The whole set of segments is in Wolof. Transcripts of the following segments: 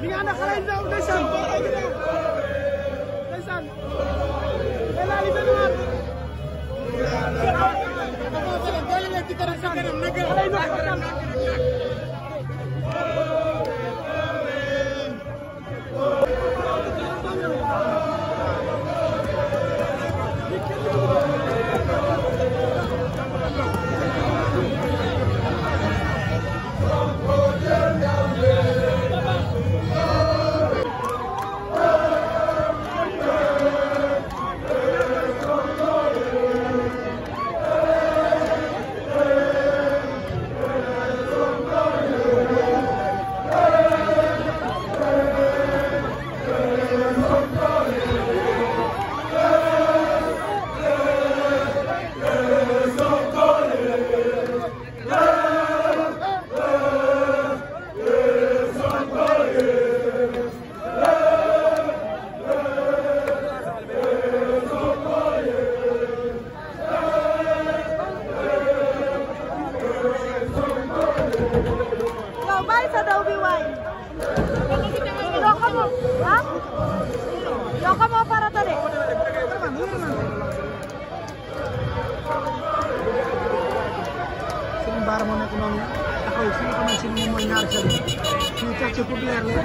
mi ngi ànd ak xale yu ndaw ndeysaan ndeysaan day laal yu benn waar xale yi nag sa daw bi waay yoo xamoo ah yoo xamoo farata de suñu mbaar moo nekk noonu taxaw fi nga xamante ni moom mooy ñaar sel ñu tax ci pour leer la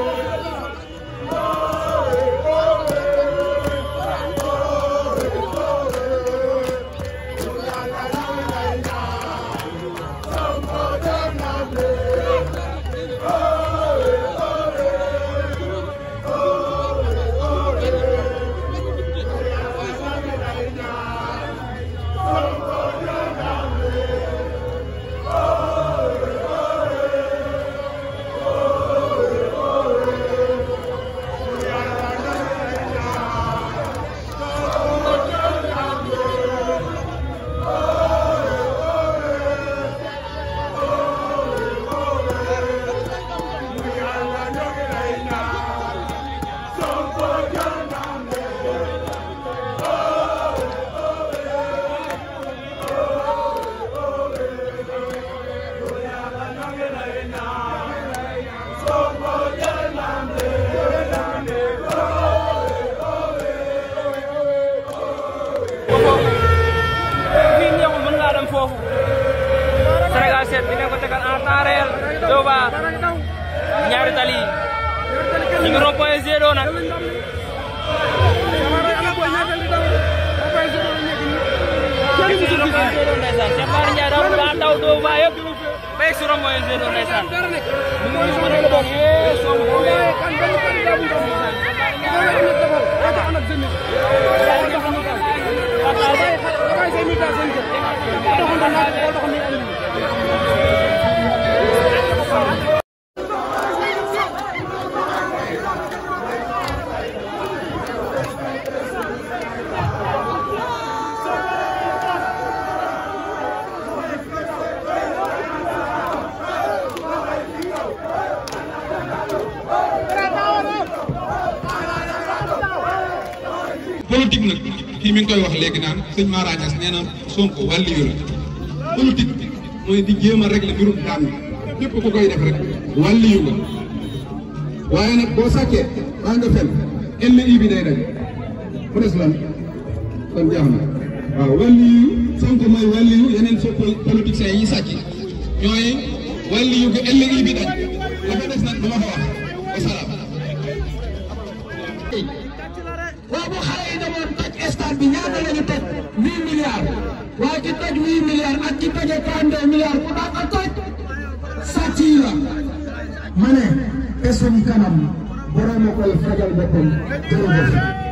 Thank you. Diène di leen ko tegal en temps réel Dóoba ñaari tali ñu ngi rond-point zéro nag. Jàmbaar Njaay daw daw Dóoba yëpp ba yegg si rond-point zéro politique nag mi ngi koy wax léegi naan sëñ na Sonko wàllu yu la politique mooy di jéem a régler mbirum daan lépp koy def rek wàllu yu waaye nag boo sàccee baa nga fen ennemi bi day dañ mu des lan kon na waaw wàllu yu Sonko mooy wàllu yu yeneen soo politiciens yi sàcc ñooy wàllu yu ennemi bi dañ cinquante deux milliards ku daan ak la ma ne te suñu kanam borom a koy fajal boppam